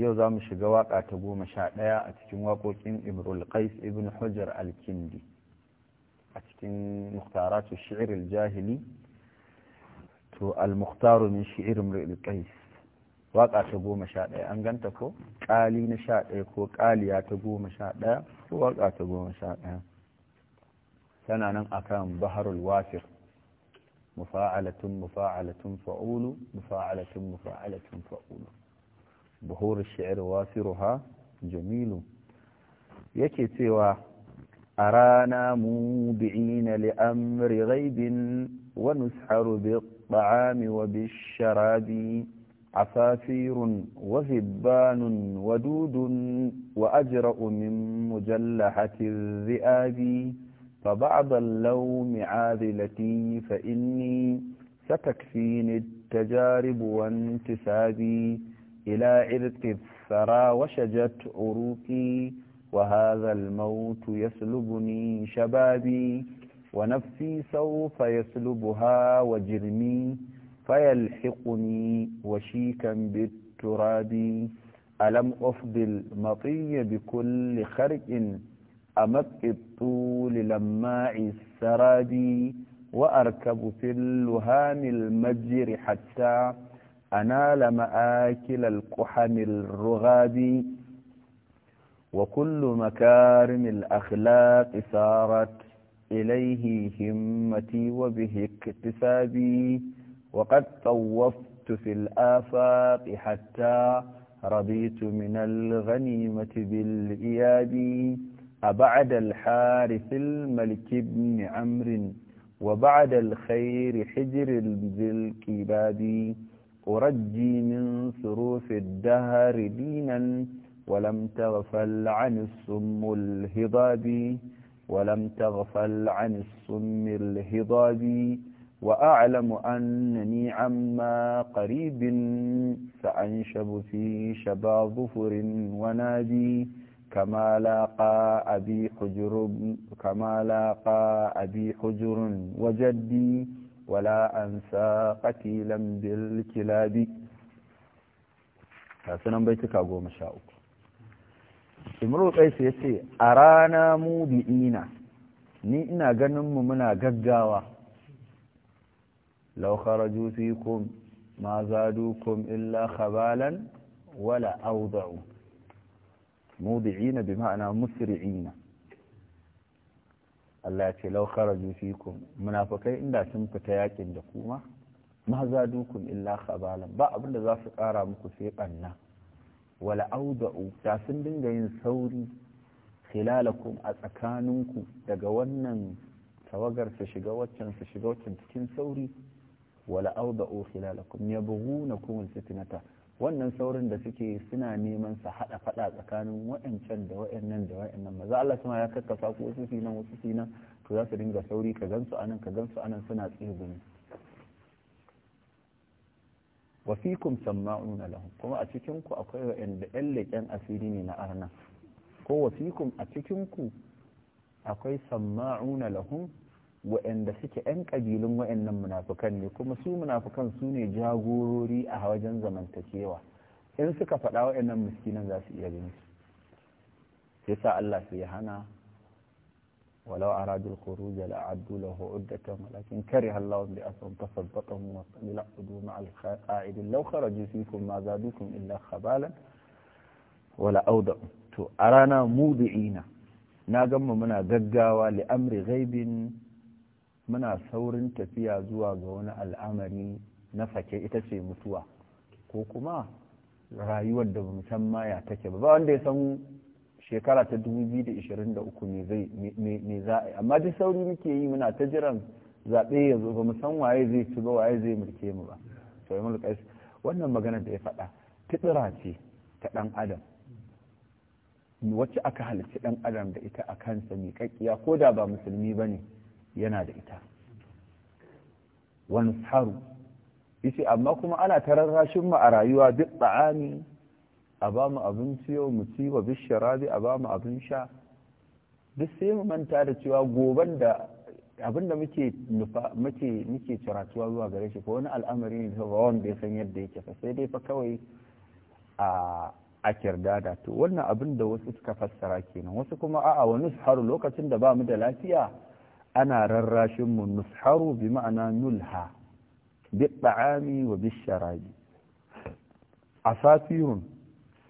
yau za mu shiga waƙa ta goma sha ɗaya a cikin waƙoƙin imrul qais ibn hujar al-kindi a cikin muhtaratu shi'ir al-jahili to al-muhtaru min shi'ir imrul qais ta goma sha ɗaya an ganta ko ƙali na sha ɗaya ko ƙaliya ta goma sha ɗaya ko waƙa ta goma sha ɗaya tana nan akan baharul wasir mufa'alatun mufa'alatun fa'ulu mufa'alatun mufa'alatun fa'ulu بحور الشعر واسرها جميل يكي أرانا موبعين لأمر غيب ونسحر بالطعام وبالشراب عصافير وذبان ودود وأجرأ من مجلحة الذئاب فبعض اللوم عاذلتي فإني ستكفيني التجارب وانتسابي إلى عرق الثرى وشجت عروقي وهذا الموت يسلبني شبابي ونفسي سوف يسلبها وجرمي فيلحقني وشيكا بالتراب ألم أفضل المطي بكل خرق أمت الطول لماع السراب وأركب في اللهام المجر حتى أنال مآكل القحم الرغاب وكل مكارم الأخلاق سارت إليه همتي وبه اكتسابي وقد طوفت في الآفاق حتى رضيت من الغنيمة بالإياب أبعد الحارث الملك بن عمرو وبعد الخير حجر ذي الكباب أرجي من صروف الدهر دينا ولم تغفل عن السم الهضاب ولم تغفل عن السم الهضاب وأعلم أنني عما قريب سأنشب في شبا ظفر ونادي كما لاقى أبي حجر كما لاقى أبي حجر وجدي ولا عن ساقك لم بالكلاب سنن بيتك أقوى ما شاء الله امرو قيس يسي أرانا مودئين نئنا قنم منا قدعوا لو خرجوا فيكم ما زادوكم إلا خبالا ولا أوضعوا موضعين بمعنى مسرعين Allah ya ce lau fikum munafikai inda sun fita yakin da kuma ma dukun illa khabalan ba abin da za su kara muku sai banna wala auda'u da sun dinga yin sauri khilalakum a tsakaninku daga wannan tawagar su shiga waccan su shiga waccan cikin sauri wala auda'u khilalakum yabghunakum alfitnata wannan saurin da suke suna neman su haɗa faɗa tsakanin wa'ancan da wa'annan da wa'annan maza Allah kuma ya kakkasa ku wasu su nan wasu su nan to za su dinga sauri ka gansu anan ka gansu anan suna tsegumi wa fikum samma'una lahum kuma a cikin ku akwai wa'anda ɗan leƙen asiri ne na arna ko wa fikum a cikin ku akwai samma'una lahum waɗanda suke 'yan ƙabilun waɗannan munafukan ne kuma su munafukan su ne jagorori a wajen zamantakewa in suka faɗa waɗannan miskinan za su iya bin su sai sa Allah sai ya hana walau aradul khuruj la addu lahu uddatan walakin kariha Allah bi asan tasabbaqahum wa la udu ma al qa'id law kharaju fikum ma zadukum illa khabalan wala auda to a rana mubi'ina na gama muna gaggawa li amri ghaibin muna saurin tafiya zuwa ga wani al'amari na fake ita ce mutuwa ko kuma rayuwar da ba san maya take ba ba wanda ya san shekara ta 2023 ne za a yi. amma duk sauri muke yi muna ta jiran zaɓe ya zo ba musan san waye zai ci ba waye zai mulke mu ba to yi qais wannan magana da ya faɗa tibira ce ta ɗan adam wacce aka halarci ɗan adam da ita a kansa miƙaƙiya ko da ba musulmi ba ne yana da ita wani tsaro yace amma kuma ana tararrashin mu a rayuwa duk ba'ani a ba mu abinci yau mu ci wa bishirabi a ba mu abin sha duk sai mu manta da cewa goban da abin da muke nufa muke muke ciratuwa zuwa gare shi ko wani al'amari ne da wanda ya san yadda yake fa sai dai fa kawai a a kirdada to wannan abin da wasu suka fassara kenan wasu kuma a'a wani haru lokacin da ba mu da lafiya ana rarrashin mu nusharu bi ma'ana nulha bi ta'ami wa bi sharabi asafirun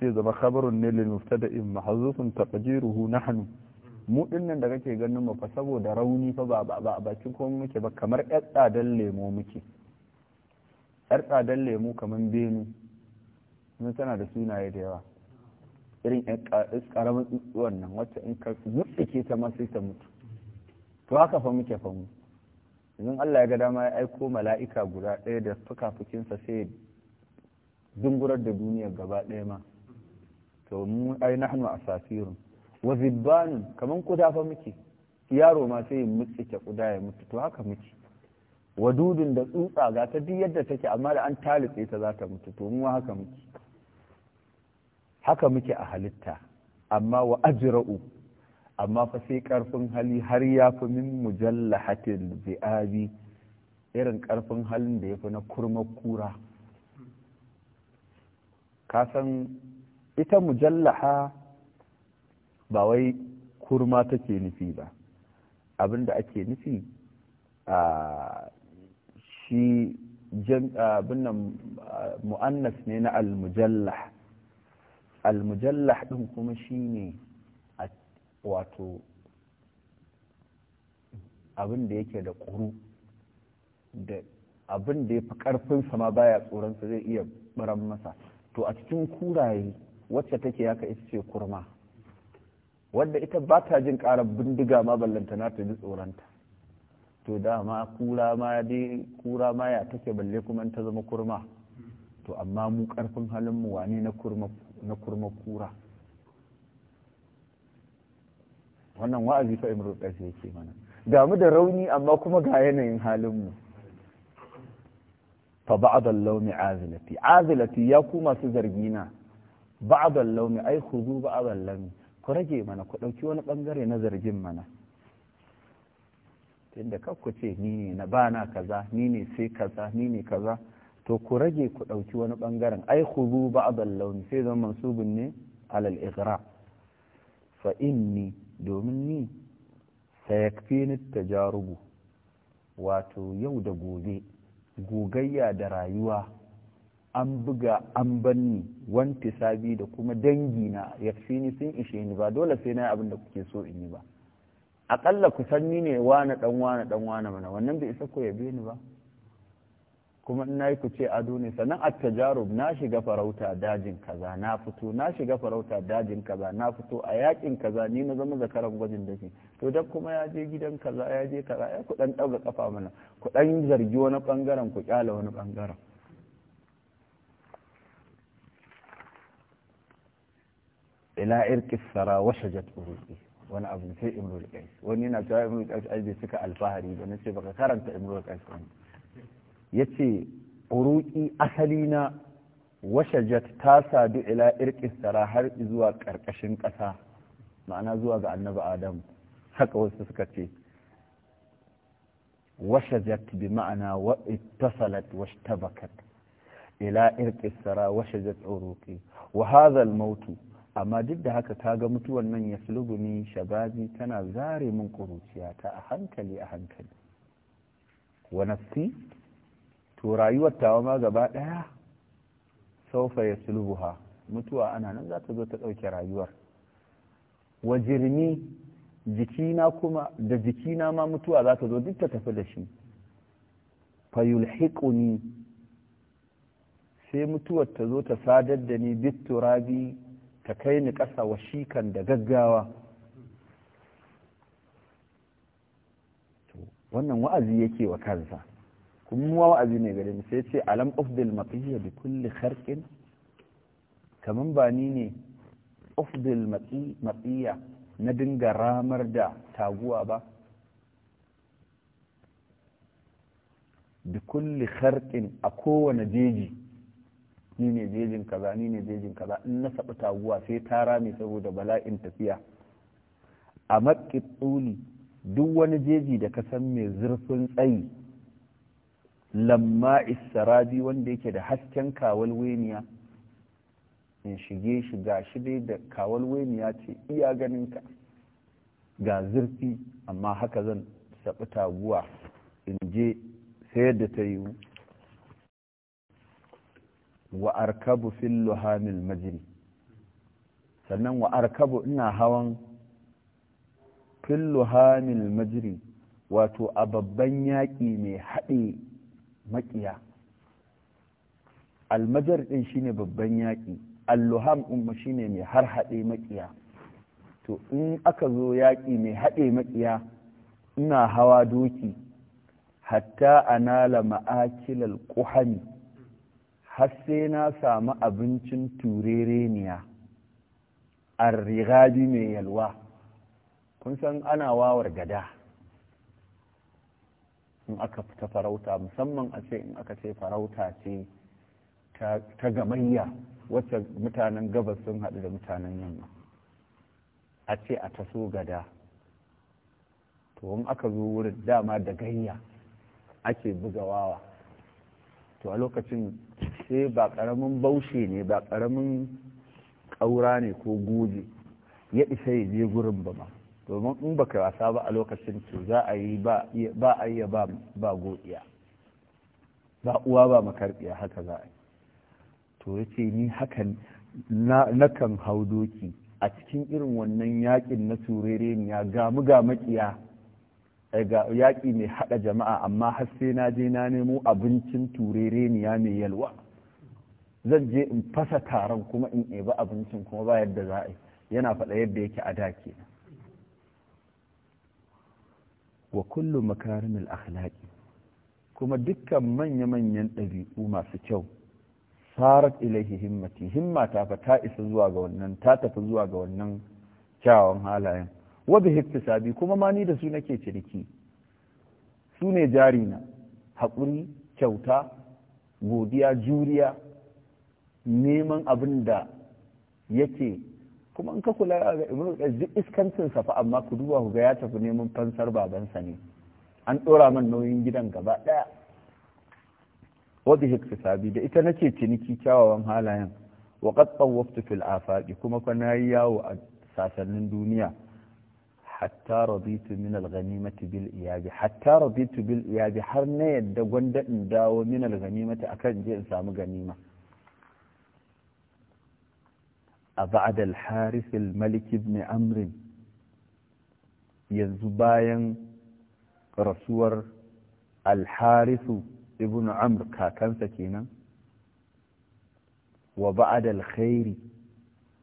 sai zama khabarun ne lil mubtada'in mahzufun taqdiruhu nahnu mu dinnan da kake ganin mu fa saboda rauni fa ba ba bakin ko muke ba kamar yar tsadan lemo muke yar dan lemo kamar benu mun tana da sunaye da yawa irin yar karamin tsuwan nan wacce in ka mutsike ta ma sai ta mutu to haka fa muke fa mu idan Allah ya ga dama ya aiko mala'ika guda ɗaya da fukafukinsa sai dungurar da duniya gaba ɗaya ma to mu ai nahnu asafirun wa zibbanun kaman kuda fa muke yaro ma sai ya mutsike kuda ya mutu to haka muke wadudun da tsutsa ga ta duk yadda take amma da an talitse ta za ta mutu to mu haka muke haka muke a halitta amma wa ajra'u amma fa sai karfin hali har ya fi min mujallahatin zi'abi irin karfin halin da ya fi na kurma kura kasan ita mujallaha ba wai kurma take nufi ba abinda ake nufi a shi nan mu'annas ne na al-mujallah al-mujallah din kuma shine wato abin da yake da ƙuru da abin da ya fi ƙarfinsa ma baya tsoronsa zai iya baran masa to a cikin kuraye wacce take haka ita ce kurma wadda ita ba ta jin ƙarar bindiga ma ballanta na ta ji tsoronta to dama kura ma dai kura ma ya take balle kuma ta zama kurma to amma mu ƙarfin halin mu wane na kurma kura wannan wa'azi fa imru qais yake mana ga mu da rauni amma kuma ga yanayin halin mu fa ba'd al-lawmi azilati azilati ya kuma su zargina ba'd al-lawmi ai khudu ba'd al-lawmi ku rage mana ku dauki wani bangare na zargin mana tunda ka ku ce ni ne na bana kaza ni ne sai kaza ni ne kaza to ku rage ku dauki wani bangaren ai khudu ba'd al-lawmi sai zaman mansubun ne alal igra fa inni domin ni sayakfini tajarubu wato yau da gobe gogayya da rayuwa an buga an banni wanti sabi da kuma dangi na yakfini sun ishe ni ba dole sai na yi abin da kuke so in yi ba aƙalla ku ni ne wane ɗan wane ɗan wane mana wannan bai isa ko yabe ni ba kuma in yi ku ce ado ne sannan a tajarub na shiga farauta dajin kaza na fito na shiga farauta dajin kaza na fito a yakin kaza ni na zama zakaran gwajin dafi to dan kuma ya je gidan kaza ya je kaza ya ku dan dauka kafa mana ku dan zargi wani bangaren ku kyala wani bangaren ila irki sara wa shajat uruqi wani abu sai imrul qais wani yana cewa imrul qais ai bai cika alfahari ba nace baka karanta imrul qais ba ya ce uruƙi asali na washajat ta sadu ila irƙin har zuwa ƙarƙashin ƙasa ma'ana zuwa ga annabi adam haka wasu suka ce washajat bi ma'ana wa washe tabakat ila irƙin washe washajat ƙuruƙi wa mautu amma duk da haka ta ga mutuwan nan ya sulubuni shababi tana zare min ƙuruciya ta a hankali a hankali wa nafsi to rayuwar tawa ma gaba ɗaya saufa ya sulbuha mutuwa ana nan za ta zo ta ɗauke rayuwar wa jirmi jikina kuma da jikina ma mutuwa za ta zo duk ta tafi da shi fayulhiquni sai mutuwar ta zo ta sadar da ni bit turabi ta kai ni ƙasa wa shikan da gaggawa wannan wa'azi yake wa kansa kuma mu wa'azi ne gare mu sai ce alam ufdil maqiyya bi kulli kharqin kaman ba ni ne ufdil maqiyya na dinga ramar da taguwa ba bi kulli kharqin a kowane jeji ni ne jejin kaza ni ne jejin kaza in na sabu taguwa sai ta rame saboda bala'in tafiya a maƙi tsuli duk wani jeji da ka san mai zurfin tsayi lamma sarabi wanda yake da hasken kawal weniya in shige shi ga shi dai da kawal weniya ce iya ganinka ga zurfi amma haka zan saɓi taguwa in je sayar da ta yiwu wa arkabu fil luhamil majri sannan wa arkabu ina hawan fil luhamil majri wato a babban yaƙi mai haɗe maƙiya almajar ɗin shine babban yaƙi alluham umma shine mai har haɗe maƙiya to in aka zo yaƙi mai haɗe maƙiya ina hawa doki hatta anala ma'akilal ƙuhani har sai na samu abincin turereniya arrigabi mai yalwa kun san ana wawar gada in aka fita farauta musamman a ce in aka ce farauta ce ta gamayya wacce mutanen gabas sun haɗu da mutanen yamma a ce a taso gada to in aka zo wurin dama da gayya ake buga wawa to a lokacin sai ba ƙaramin baushe ne ba ƙaramin ƙaura ne ko goje ya isa ya je gurin ba ma domin in baka wasa ba a lokacin to za a yi ba a yi ba godiya ba uwa ba makarbiya haka za a yi to ya ce ni hakan na kan hau doki a cikin irin wannan yakin na ya gamu ga makiya eh, yaƙi mai haɗa jama'a amma har sai na je na nemo abincin turereniya mai yalwa zan je in fasa taron kuma in ɗeba abincin kuma ba yadda za a yi yana faɗa yadda yake a da wa kullu makarimul akhlaqi kuma dukkan manya-manyan ɗabi'u masu kyau sarat ilaihi himmati himma ta fa ta isa zuwa ga wannan ta tafi zuwa ga wannan kyawawan halayen wa bi hiktisabi kuma ma ni da su nake ciniki su ne jari na. haƙuri kyauta godiya juriya neman abin da yake kuma in ka kula ga ibnu qayyim duk sa fa amma ku duba ku ga ya tafi neman fansar babansa ne an ɗora man nauyin gidan gaba daya wadda sabi da ita nace ciniki kyawawan halayen wa qad tawaftu fil afaqi kuma fa nayi yawo a sasannin duniya hatta raditu min al ghanimati bil iyabi hatta raditu bil iyabi har na yadda gwanda in dawo min al ghanimati akan je in samu ganima بعد الحارث malik بن amrin yanzu bayan rasuwar alharisu ibn amr kakansa kenan wa ba'ad alkhairi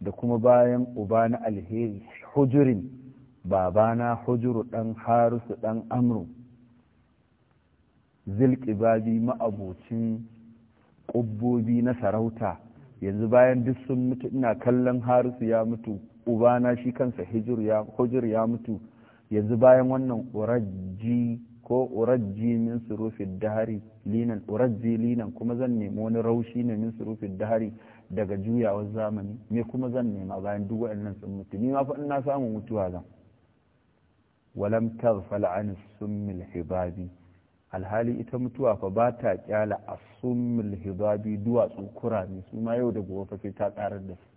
da kuma bayan uba na alheri hujurin babana hujuru dan harisu dan amru zilƙibabi ma'abocin ƙubbobi na sarauta yanzu bayan duk sun mutu ina kallon harisu ya mutu ubana shi kansa hijir ya mutu yanzu bayan wannan uraji ko uraji min surufin dahari linan uraji linan kuma zan nemi wani raushi ne min surufin dahari daga juyawar zamani me kuma zan nema bayan duk waɗannan sun mutu ni ma fa ina samun mutuwa zan walam taghfal an summil hibabi alhali ita mutuwa fa ba ta kyala a summul hibabi duwatsu kurami su ma yau da gobe fa sai ta karar da su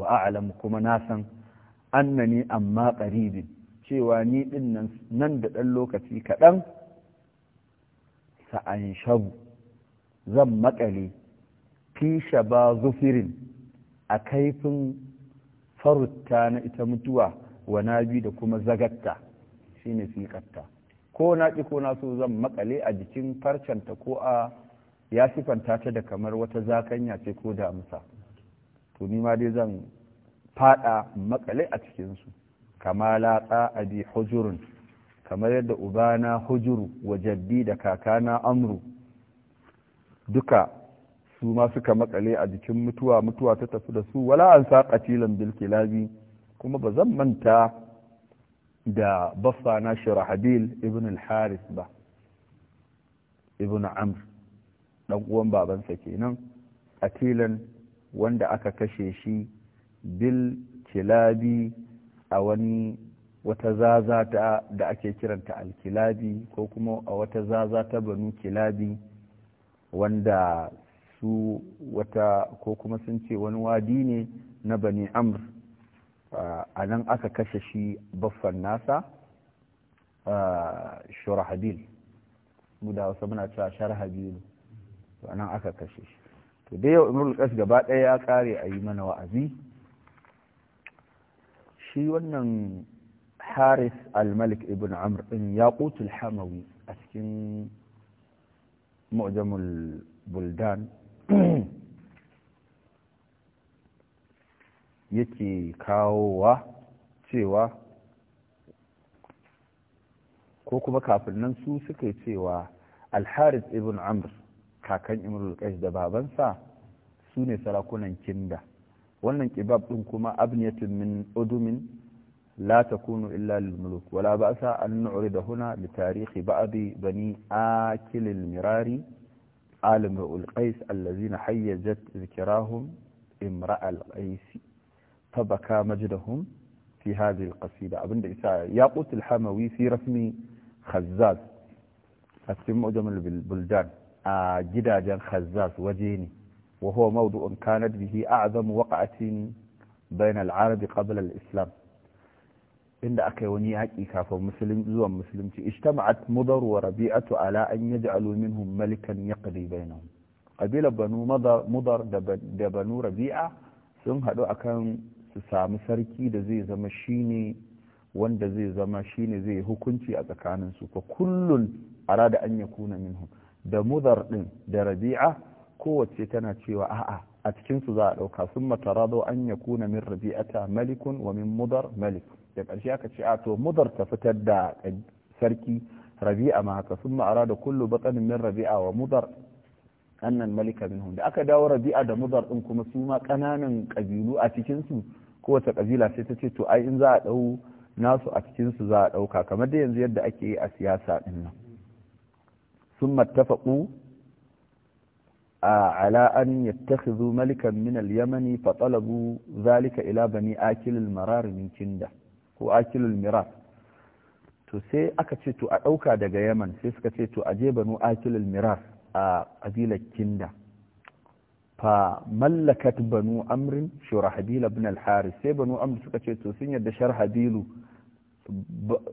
wa a'lam kuma na san annani amma qaribin cewa ni din nan nan da dan lokaci kadan? sa'an shabu zan makale fi shaba zufirin a kaifin farutta na ita mutuwa wa nabi da kuma zagatta shine katta ko na ƙi ko na so zan makale a jikin farcenta ko a ya sifanta ta da kamar wata zakanya ce ko damusa to ni ma dai zan fada makale a cikinsu kama latsa abi hujurun kamar yadda ubana hujuru wa jaddi da kakana amru duka su ma suka makale a jikin mutuwa mutuwa ta tafi da su wala an sa katilan bil kilabi kuma ba zan manta da baffa na shirahadil ibn al-haris ba ibn amr dan uwan babansa kenan atilan wanda aka kashe shi bil kilabi a wani wata zaza da ake kiranta al-kilabi ko kuma a wata zaza ta banu kilabi wanda su wata ko kuma sun ce wani wadi ne na bani amr a nan aka kashe shi baffan nasa shurahabil mu da wasu muna cewa sharhabilu to a nan aka kashe shi to dai yau imrul kas gaba ɗaya ya ƙare ayi mana wa'azi shi wannan haris al-malik ibn amr ya yaqutul hamawi a cikin mu'jamul buldan yake kawowa cewa ko kuma kafin nan su suka yi cewa alharis ibn amr kakan imrul qais da babansa su ne sarakunan kinda wannan kibab din kuma abniyatun min udumin la takunu illa lil muluk wala ba'sa an nu'rida huna li tarihi ba'di bani akil al mirari al qais allazina hayyajat zikrahum imra al qais فبكى مجدهم في هذه القصيدة ابن دعيسا ياقوت الحموي في رسم خزاز أسمع جمل بالبلدان جدا آه، جداجا خزاز وجيني وهو موضوع كانت به أعظم وقعة بين العرب قبل الإسلام إن أكيوني هكي كافة مسلم زوا مسلم اجتمعت مضر وربيعة على أن يجعلوا منهم ملكا يقضي بينهم قبيلة بنو مضر مضر دبنو ربيعة ثم هدو أكان su sami sarki da zai zama ne wanda zai zama shine zai hukunci a tsakanin su fa ara da an kuna minhum da mudar din da rabi'a kowace tana cewa a'a a cikin su za a dauka sun matarado an min rabi'ata malikun wa min mudar malik da ƙarshe aka ce a to mudar ta fitar da sarki rabi'a ma haka sun ma'ara da kullu batsanin min rabi'a wa mudar annan malika minhum da aka dawo rabi'a da mudar din kuma su ma kananan kabilu a cikin su kowace kabila sai ta ce to ai in za a dau nasu a cikin su za a dauka kamar da yanzu yadda ake yi a siyasa din nan sun mattafaqu على أن yamani ملكا من اليمن فطلبوا ذلك إلى بني آكل المرار من كندة هو آكل mirar to sai aka ce to a ɗauka daga yaman sai suka ce to a je banu akilil mirar a ƙabilar kinda fa mallakat banu amrin shurahabila bin al-haris sai banu amr suka ce to sun yadda sharhabilu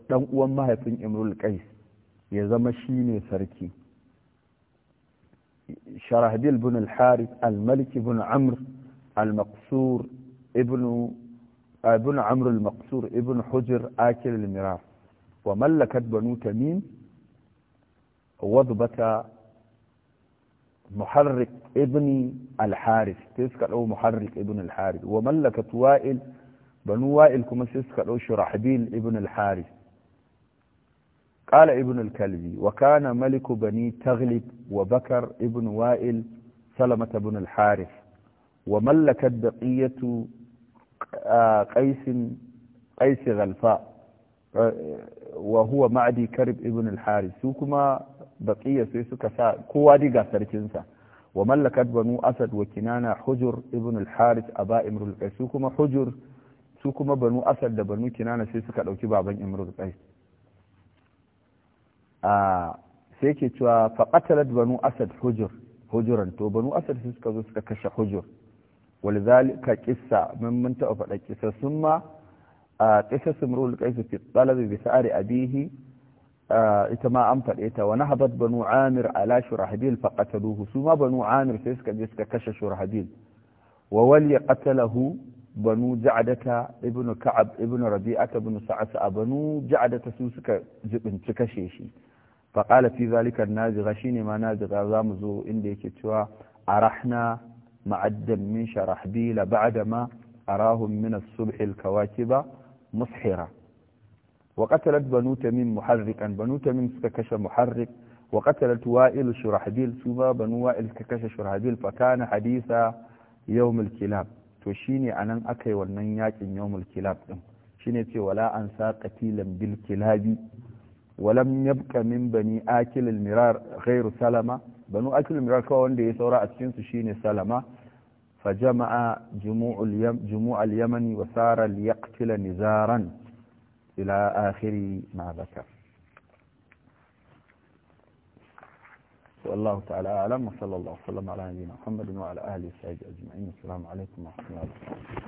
dan uwan mahaifin imrul qais ya zama shine sarki sharahabil bin al-haris al-malik bin amr al-maqsur ibn ibn amr al-maqsur ibn hujr akil al-mirar wa mallakat banu tamim wadbata محرك ابن الحارث تسكت او محرك ابن الحارث وملكت وائل بنو وائل كما تسكت او شرحبيل ابن الحارث قال ابن الكلبي وكان ملك بني تغلب وبكر ابن وائل سلمة بن الحارث وملكت بقية قيس قيس غلفاء وهو معدي كرب ابن الحارث سوكما baqiya sai suka sa kowa diga sarkinsa wa mallakat banu asad wa kinana hujur ibn al-harith aba imrul qais su kuma hujur su kuma banu asad da banu kinana sai suka dauki baban imrul qais a sai ke cewa fa qatalat banu asad hujur hujuran to banu asad sai suka zo suka kashe hujur walzalika qissa mun mun ta faɗa qissa summa qissa imrul qais fi talabi bi sa'ari abihi اتما آه، امطر ايتا ونهبت بنو عامر على شرحبيل فقتلوه ثم بنو عامر سيسكا جسكا كشا شرحبيل وولي قتله بنو جعدة ابن كعب ابن ربيعة ابن سعسع بنو جعدة سوسكا جبن تكشيشي فقال في ذلك النازغ شيني ما نازغ غامزو اندي كتوا ارحنا معدا من شرحبيل بعدما اراهم من الصبح الكواكب مصحره وقتلت بنو تميم محركا بنو تميم سككش محرك وقتلت وائل شرحبيل ثم بنو وائل سككش شرحبيل فكان حديثا يوم الكلاب توشيني أنا أكي والنياك يوم الكلاب شينيتي ولا أنسى قتيلا بالكلاب ولم يبقى من بني آكل المرار غير سلمة بنو آكل المرار كون دي ثورة أتشين تشيني سلمة فجمع جموع اليمن وسار ليقتل نزارا إلى آخر ما ذكر والله تعالى أعلم وصلى الله وسلم على نبينا محمد وعلى آله وصحبه أجمعين السلام عليكم ورحمة الله وبركاته